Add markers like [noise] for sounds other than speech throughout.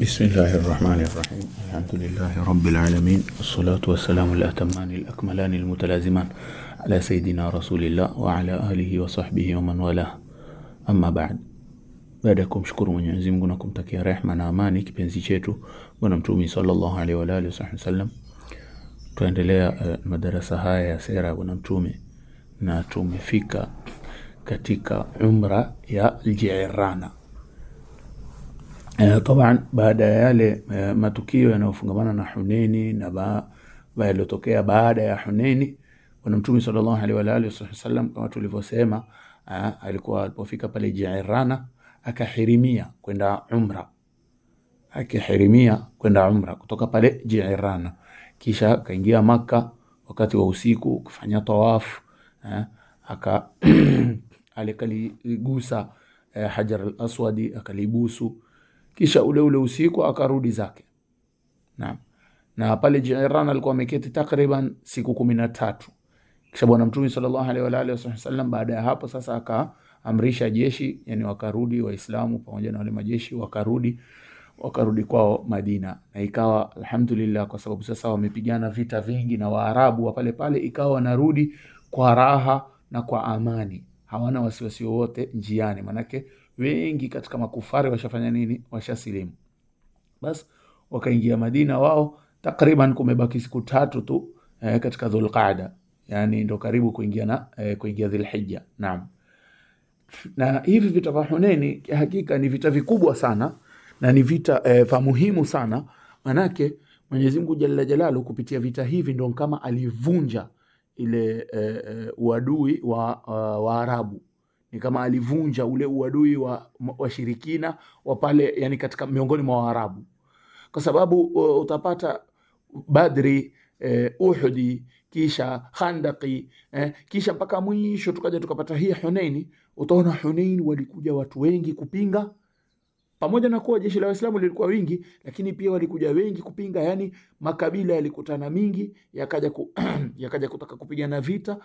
بسم الله الرحمن الرحيم الحمد لله رب العالمين الصلاة والسلام الأتمان الأكملان المتلازمان على سيدنا رسول الله وعلى آله وصحبه ومن والاه أما بعد بعدكم شكر من يعزم قناكم تكيا رحمنا مانك بنزي شيتو ونمتومي صلى الله عليه وآله وصحبه وسلم ليا آه، مدرسة هاي يا سيرا ونمتومي ناتومي فيكا كتيكا عمرة يا الجعرانة Eh, taban, baada ya yale eh, matukio yanayofungamana na Huneni na ba, yaliyotokea baada ya Huneni, bwana Mtume sallallahu alaihi wa alihi wasallam kama tulivyosema, eh, alikuwa alipofika pale Jirana akahirimia kwenda umra, akihirimia kwenda umra kutoka pale Jirana, kisha akaingia Makka wakati wa usiku kufanya tawafu, aka [clears throat] alikagusa Hajar al-Aswadi akalibusu kisha ule ule usiku akarudi zake. Naam. Na pale Jiran alikuwa ameketi takriban siku kumi na tatu. Kisha Bwana Mtume sallallahu alaihi wa alihi wasallam baada ya hapo sasa akaamrisha jeshi, yani wakarudi Waislamu pamoja na wale majeshi wakarudi wakarudi kwao Madina, na ikawa alhamdulillah, kwa sababu sasa wamepigana vita vingi na Waarabu wa pale pale, ikawa wanarudi kwa raha na kwa amani, hawana wasiwasi wowote njiani, manake wengi katika makufari washafanya nini? Washasilimu. Basi wakaingia Madina wao, takriban kumebaki siku tatu tu eh, katika dhulqada yani ndo karibu kuingia na eh, kuingia dhilhija Naam, na hivi vita vya Huneni hakika ni vita vikubwa sana na ni vita eh, vya muhimu sana, manake Mwenyezi Mungu Jalla Jalalu kupitia vita hivi ndo kama alivunja ile eh, eh uadui wa, waarabu uh, wa ni kama alivunja ule uadui wa washirikina wa pale, yani katika miongoni mwa Waarabu, kwa sababu uh, utapata Badri eh, Uhudi kisha Khandaki eh, kisha mpaka mwisho tukaja tukapata hii Hunaini. Utaona Hunaini walikuja watu wengi kupinga pamoja na kuwa jeshi la Waislamu lilikuwa wingi, lakini pia walikuja wengi kupinga, yani makabila yalikutana mingi, yakaja ku, [clears throat] yakaja kutaka kupigana vita.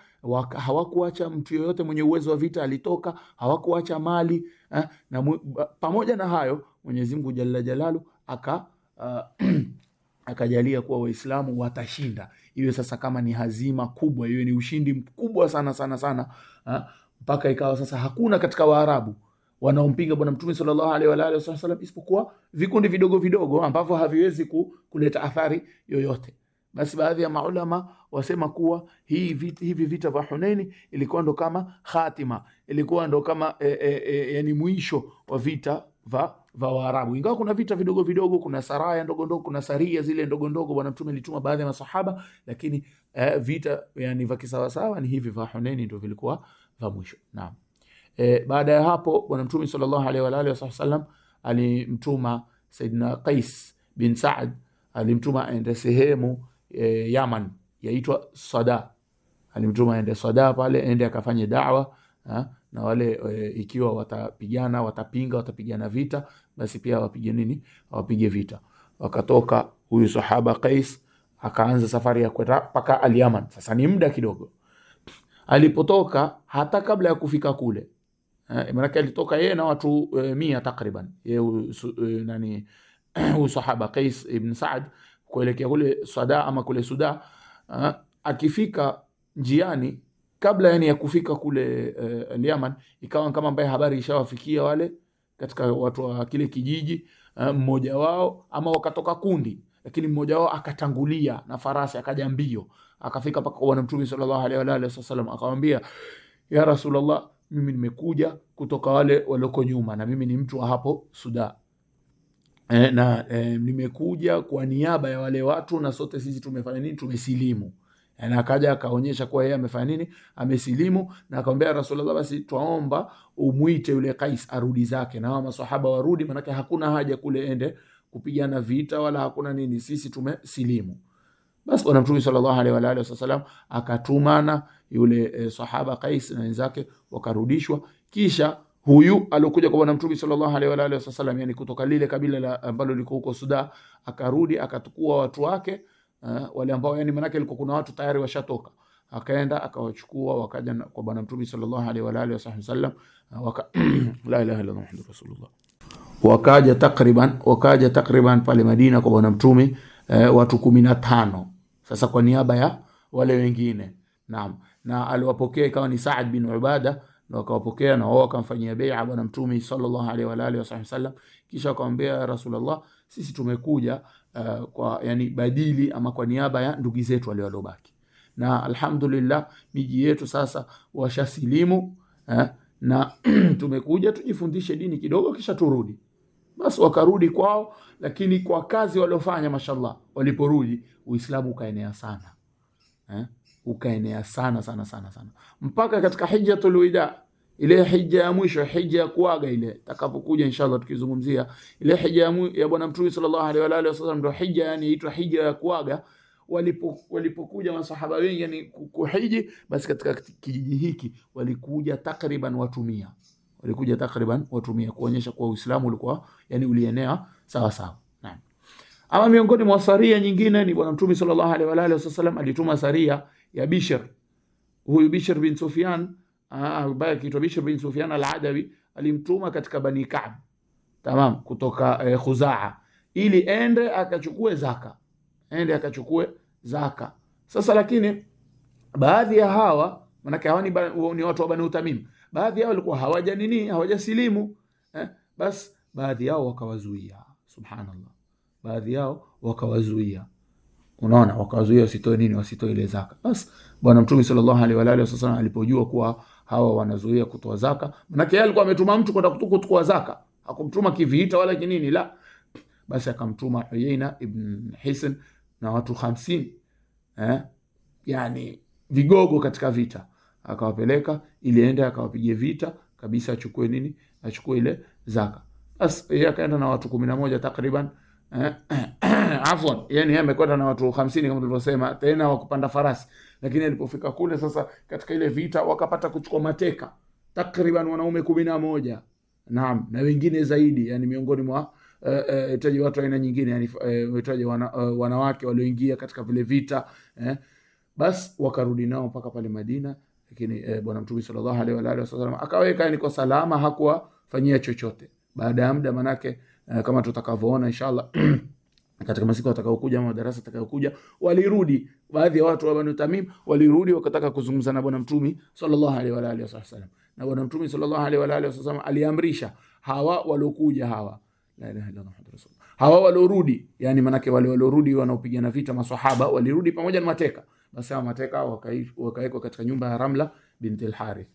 Hawakuacha mtu yoyote mwenye uwezo wa vita alitoka, hawakuacha mali eh, na mu, pamoja na hayo Mwenyezi Mungu Jalla Jalalu aka uh, [clears throat] akajalia kuwa Waislamu watashinda, iwe sasa kama ni hazima kubwa, iwe ni ushindi mkubwa sana sana sana, ah, mpaka ikawa sasa hakuna katika Waarabu wanaompinga Bwana Mtume sallallahu alaihi wa alihi wasallam, isipokuwa vikundi vidogo vidogo ambavyo haviwezi kuleta athari yoyote. Basi baadhi ya maulama wasema kuwa hii vita, hivi vita vya Hunaini ilikuwa ndo kama khatima, ilikuwa ndo kama e, e, e, yani mwisho wa vita va va Waarabu, ingawa kuna vita vidogo vidogo, kuna saraya ndogo ndogo, kuna saria zile ndogo ndogo, Bwana Mtume alituma baadhi ya masahaba, lakini eh, vita yani vya kisawasawa ni hivi vya Hunaini, ndio vilikuwa vya mwisho. Naam. E, baada ya hapo bwana mtume sallallahu alaihi wa alihi wasallam alimtuma Saidina Qais bin Saad alimtuma aende sehemu e, Yaman yaitwa Sada, alimtuma aende Sada pale, aende akafanye dawa ha? Ah, na wale e, ikiwa watapigana watapinga, watapigana vita, basi pia wapige nini, wapige vita. Wakatoka huyu sahaba Qais akaanza safari ya kwenda mpaka Al-Yaman. Sasa ni muda kidogo, alipotoka hata kabla ya kufika kule Eh, Maanake alitoka yeye na watu e, mia takriban su, e, nani [clears throat] huyu sahaba Qais ibn Saad kuelekea kule Sada ama kule Suda. A, akifika njiani kabla yani ya kufika kule e, Yaman, ikawa kama ambaye habari ishawafikia wale katika watu wa kile kijiji, mmoja wao ama wakatoka kundi, lakini mmoja wao akatangulia na farasi akaja mbio akafika mpaka kwa Bwana Mtume sallallahu alaihi wa alihi wasallam akamwambia, ya Rasulullah mimi nimekuja kutoka wale walioko nyuma, na mimi ni mtu wa hapo Sudan e, na e, nimekuja kwa niaba ya wale watu, na sote sisi tumefanya nini? Tumesilimu. E, na akaja akaonyesha kuwa yeye amefanya nini? Amesilimu, na akamwambia Rasulullah, basi twaomba umwite yule Kais arudi zake na maswahaba warudi, manake hakuna haja kule ende kupigana vita wala hakuna nini, sisi tumesilimu. Basi bwana Mtume sallallahu alaihi wa alihi wasallam akatumana yule e, sahaba Qais na wenzake wakarudishwa, kisha huyu alokuja kwa bwana mtume sallallahu alaihi wa alihi wasallam, yani kutoka lile kabila la ambalo liko huko Suda, akarudi akatukua watu wake uh, wale ambao yani manake liko kuna watu tayari washatoka, akaenda akawachukua wakaja kwa bwana mtume sallallahu alaihi wa alihi wasallam eh, waka [clears throat] la ilaha illa Muhammadur rasulullah, wakaja takriban wakaja takriban pale Madina kwa bwana mtume eh, watu kumi na tano sasa kwa niaba ya wale wengine. Naam, na aliwapokea ikawa ni Saad bin Ubada na wakawapokea na wao wakamfanyia bai'a bwana mtume sallallahu alaihi wa alihi wasallam, kisha wakamwambia ya Rasulullah, sisi tumekuja uh, kwa yani badili ama kwa niaba ya ndugu zetu wale waliobaki, na alhamdulillah miji yetu sasa washasilimu eh, na [clears throat] tumekuja tujifundishe dini kidogo, kisha turudi basi wakarudi kwao, lakini kwa kazi waliofanya mashallah, waliporudi Uislamu ukaenea sana eh? ukaenea sana sana sana sana mpaka katika hijjatul wida, ile hija ya mwisho, hija ya kuaga ile takapokuja inshallah, tukizungumzia ile hija ya bwana mtume sallallahu alaihi wa alihi wasallam, ndio hija yani inaitwa hija ya kuaga. Walipokuja masahaba wengi yani kuhiji, basi katika kijiji hiki walikuja takriban watu mia walikuja takriban watu mia kuonyesha kuwa Uislamu ulikuwa yani ulienea sawa sawa. Naam. Ama miongoni mwa saria nyingine ni Bwana Mtume sallallahu alaihi wa alihi wasallam alituma saria ya Bishr. Huyu Bishr bin Sufyan ambaye ah, akiitwa Bishr bin Sufyan al-Adawi alimtuma katika Bani Ka'b. Tamam, kutoka eh, Khuzaa ili ende akachukue zaka. Ende akachukue zaka. Sasa lakini baadhi ya hawa manake hawa ni, ni watu wa Bani Utamim baadhi yao walikuwa hawaja nini, hawajasilimu eh, bas baadhi yao wakawazuia. Subhanallah, baadhi yao wakawazuia, unaona, wakawazuia wasitoe nini, wasitoe ile zaka. Bas Bwana Mtume sallallahu alaihi wa alihi wasallam alipojua kuwa hawa wanazuia kutoa zaka, manake yeye alikuwa ametuma mtu kwenda kutoa zaka, hakumtuma kiviita wala kinini, la basi akamtuma Uyaina ibn Hisn na watu hamsini eh, yani vigogo katika vita akawapeleka ili aende akawapige vita kabisa, achukue nini, achukue ile zaka. Bas yeye akaenda na watu kumi na moja takriban eh, [clears throat] afwan, yani yeye amekwenda na watu hamsini kama tulivyosema, tena wakupanda farasi. Lakini alipofika kule sasa, katika ile vita wakapata kuchukua mateka takriban wanaume kumi na moja naam, na wengine zaidi, yani miongoni mwa eh, eh, hitaji uh, uh, watu aina nyingine yani hitaji uh, wana, uh, wanawake walioingia katika vile vita eh. Bas wakarudi nao mpaka pale Madina lakini e, bwana mtume sallallahu alaihi wa alihi wasallam akaweka ni kwa salama, hakuwafanyia chochote baada ya muda manake e, kama tutakavyoona inshallah [clears throat] katika masiku atakayokuja ama madarasa atakayokuja, walirudi baadhi ya watu wa Banu Tamim walirudi wakataka kuzungumza na bwana mtume sallallahu alaihi wa alihi wasallam, na bwana mtume sallallahu alaihi wa alihi wasallam aliamrisha hawa waliokuja hawa, la ilaha illallah muhammadur rasul hawa waliorudi, yani manake wale waliorudi wanaopigana vita maswahaba walirudi pamoja na mateka. Basi hawa mateka wakawekwa katika nyumba ya Ramla binti al-Harith.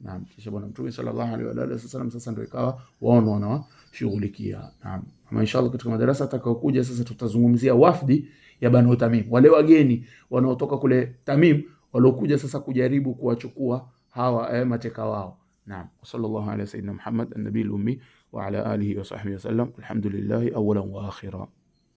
Naam, kisha bwana Mtume sallallahu alaihi wa alihi wasallam sasa ndio ikawa wao wanawashughulikia. Naam, ama inshallah katika madarasa atakayokuja sasa tutazungumzia wafdi ya Banu Tamim, wale wageni wanaotoka kule Tamim waliokuja sasa kujaribu kuwachukua hawa eh, mateka wao. Naam, sallallahu alaihi wa sallam Muhammad an nabiyul ummi وعلى آله وصحبه وسلم الحمد لله أولا وآخرا